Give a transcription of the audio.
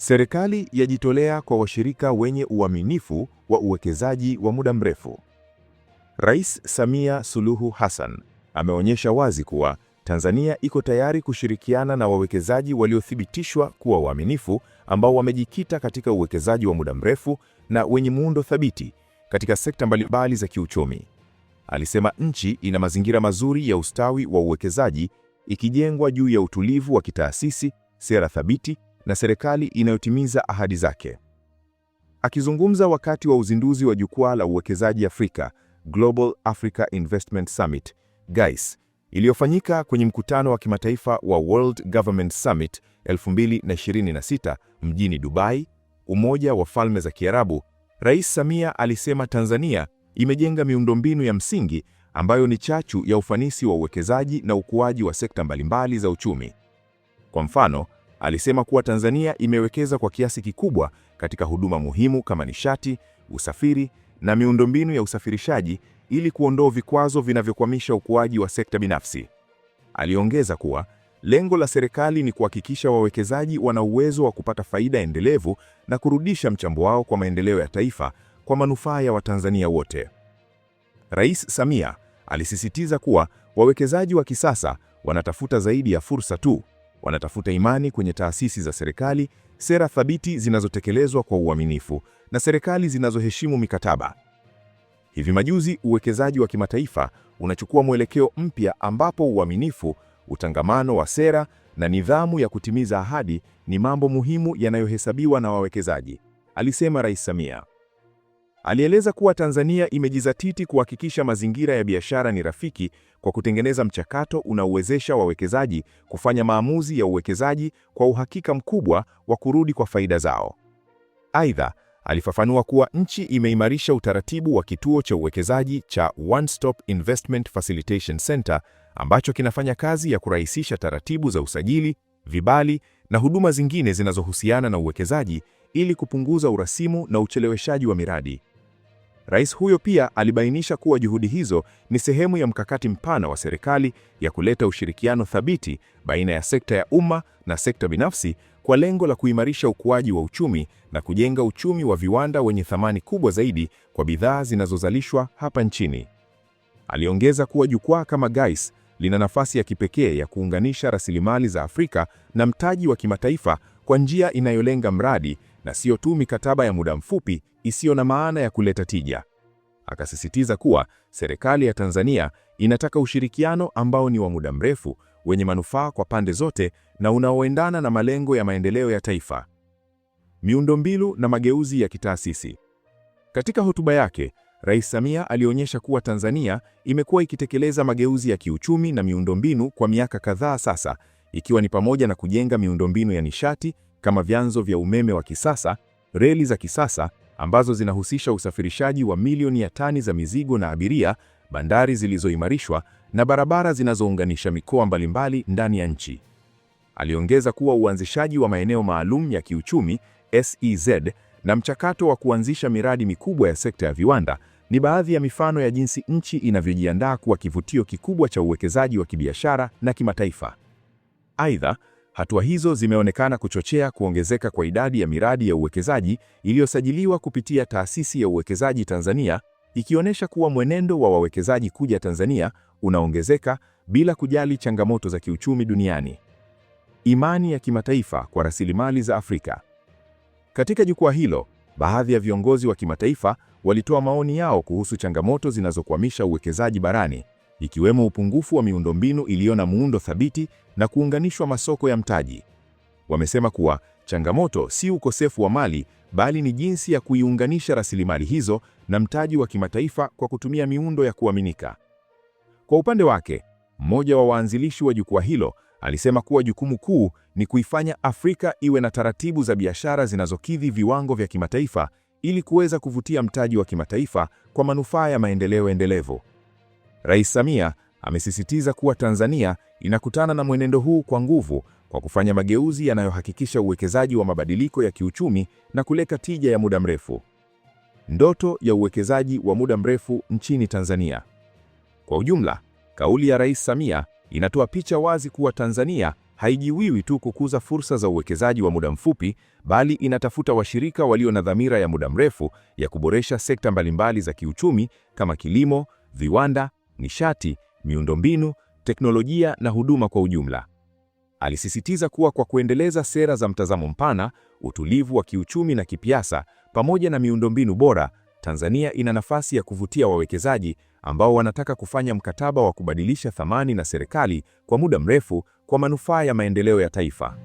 Serikali yajitolea kwa washirika wenye uaminifu wa uwekezaji wa muda mrefu. Rais Samia Suluhu Hassan ameonyesha wazi kuwa Tanzania iko tayari kushirikiana na wawekezaji waliothibitishwa kuwa waaminifu ambao wamejikita katika uwekezaji wa muda mrefu na wenye muundo thabiti katika sekta mbalimbali za kiuchumi. Alisema nchi ina mazingira mazuri ya ustawi wa uwekezaji ikijengwa juu ya utulivu wa kitaasisi, sera thabiti na serikali inayotimiza ahadi zake. Akizungumza wakati wa uzinduzi wa jukwaa la uwekezaji Afrika, Global Africa Investment Summit, GAIS, iliyofanyika kwenye mkutano wa kimataifa wa World Government Summit 2026 mjini Dubai, Umoja wa Falme za Kiarabu, Rais Samia alisema Tanzania imejenga miundombinu ya msingi ambayo ni chachu ya ufanisi wa uwekezaji na ukuaji wa sekta mbalimbali za uchumi. Kwa mfano, Alisema kuwa Tanzania imewekeza kwa kiasi kikubwa katika huduma muhimu kama nishati, usafiri na miundombinu ya usafirishaji ili kuondoa vikwazo vinavyokwamisha ukuaji wa sekta binafsi. Aliongeza kuwa lengo la serikali ni kuhakikisha wawekezaji wana uwezo wa kupata faida endelevu na kurudisha mchango wao kwa maendeleo ya taifa kwa manufaa ya Watanzania wote. Rais Samia alisisitiza kuwa wawekezaji wa kisasa wanatafuta zaidi ya fursa tu Wanatafuta imani kwenye taasisi za serikali, sera thabiti zinazotekelezwa kwa uaminifu na serikali zinazoheshimu mikataba. Hivi majuzi, uwekezaji wa kimataifa unachukua mwelekeo mpya ambapo uaminifu, utangamano wa sera na nidhamu ya kutimiza ahadi ni mambo muhimu yanayohesabiwa na wawekezaji, alisema Rais Samia. Alieleza kuwa Tanzania imejizatiti kuhakikisha mazingira ya biashara ni rafiki kwa kutengeneza mchakato unaowezesha wawekezaji kufanya maamuzi ya uwekezaji kwa uhakika mkubwa wa kurudi kwa faida zao. Aidha, alifafanua kuwa nchi imeimarisha utaratibu wa kituo cha uwekezaji cha One Stop Investment Facilitation Center ambacho kinafanya kazi ya kurahisisha taratibu za usajili, vibali na huduma zingine zinazohusiana na uwekezaji ili kupunguza urasimu na ucheleweshaji wa miradi. Rais huyo pia alibainisha kuwa juhudi hizo ni sehemu ya mkakati mpana wa serikali ya kuleta ushirikiano thabiti baina ya sekta ya umma na sekta binafsi kwa lengo la kuimarisha ukuaji wa uchumi na kujenga uchumi wa viwanda wenye thamani kubwa zaidi kwa bidhaa zinazozalishwa hapa nchini. Aliongeza kuwa jukwaa kama GAIS lina nafasi ya kipekee ya kuunganisha rasilimali za Afrika na mtaji wa kimataifa kwa njia inayolenga mradi na sio tu mikataba ya muda mfupi isiyo na maana ya kuleta tija. Akasisitiza kuwa serikali ya Tanzania inataka ushirikiano ambao ni wa muda mrefu, wenye manufaa kwa pande zote na unaoendana na malengo ya maendeleo ya taifa. Miundombinu na mageuzi ya kitaasisi. Katika hotuba yake, Rais Samia alionyesha kuwa Tanzania imekuwa ikitekeleza mageuzi ya kiuchumi na miundombinu kwa miaka kadhaa sasa, ikiwa ni pamoja na kujenga miundombinu ya nishati kama vyanzo vya umeme wa kisasa, reli za kisasa ambazo zinahusisha usafirishaji wa milioni ya tani za mizigo na abiria, bandari zilizoimarishwa na barabara zinazounganisha mikoa mbalimbali ndani ya nchi. Aliongeza kuwa uanzishaji wa maeneo maalum ya kiuchumi SEZ na mchakato wa kuanzisha miradi mikubwa ya sekta ya viwanda ni baadhi ya mifano ya jinsi nchi inavyojiandaa kuwa kivutio kikubwa cha uwekezaji wa kibiashara na kimataifa. Aidha, Hatua hizo zimeonekana kuchochea kuongezeka kwa idadi ya miradi ya uwekezaji iliyosajiliwa kupitia Taasisi ya Uwekezaji Tanzania, ikionyesha kuwa mwenendo wa wawekezaji kuja Tanzania unaongezeka bila kujali changamoto za kiuchumi duniani. Imani ya kimataifa kwa rasilimali za Afrika. Katika jukwaa hilo, baadhi ya viongozi wa kimataifa walitoa maoni yao kuhusu changamoto zinazokwamisha uwekezaji barani ikiwemo upungufu wa miundombinu iliyo na muundo thabiti na kuunganishwa masoko ya mtaji. Wamesema kuwa changamoto si ukosefu wa mali, bali ni jinsi ya kuiunganisha rasilimali hizo na mtaji wa kimataifa kwa kutumia miundo ya kuaminika. Kwa upande wake, mmoja wa waanzilishi wa jukwaa hilo alisema kuwa jukumu kuu ni kuifanya Afrika iwe na taratibu za biashara zinazokidhi viwango vya kimataifa ili kuweza kuvutia mtaji wa kimataifa kwa manufaa ya maendeleo endelevu. Rais Samia amesisitiza kuwa Tanzania inakutana na mwenendo huu kwa nguvu kwa kufanya mageuzi yanayohakikisha uwekezaji wa mabadiliko ya kiuchumi na kuleta tija ya muda mrefu. Ndoto ya uwekezaji wa muda mrefu nchini Tanzania. Kwa ujumla, kauli ya Rais Samia inatoa picha wazi kuwa Tanzania haijiwiwi tu kukuza fursa za uwekezaji wa muda mfupi, bali inatafuta washirika walio na dhamira ya muda mrefu ya kuboresha sekta mbalimbali za kiuchumi kama kilimo, viwanda, nishati, miundombinu, teknolojia na huduma kwa ujumla. Alisisitiza kuwa kwa kuendeleza sera za mtazamo mpana, utulivu wa kiuchumi na kipiasa, pamoja na miundombinu bora, Tanzania ina nafasi ya kuvutia wawekezaji ambao wanataka kufanya mkataba wa kubadilisha thamani na serikali kwa muda mrefu kwa manufaa ya maendeleo ya taifa.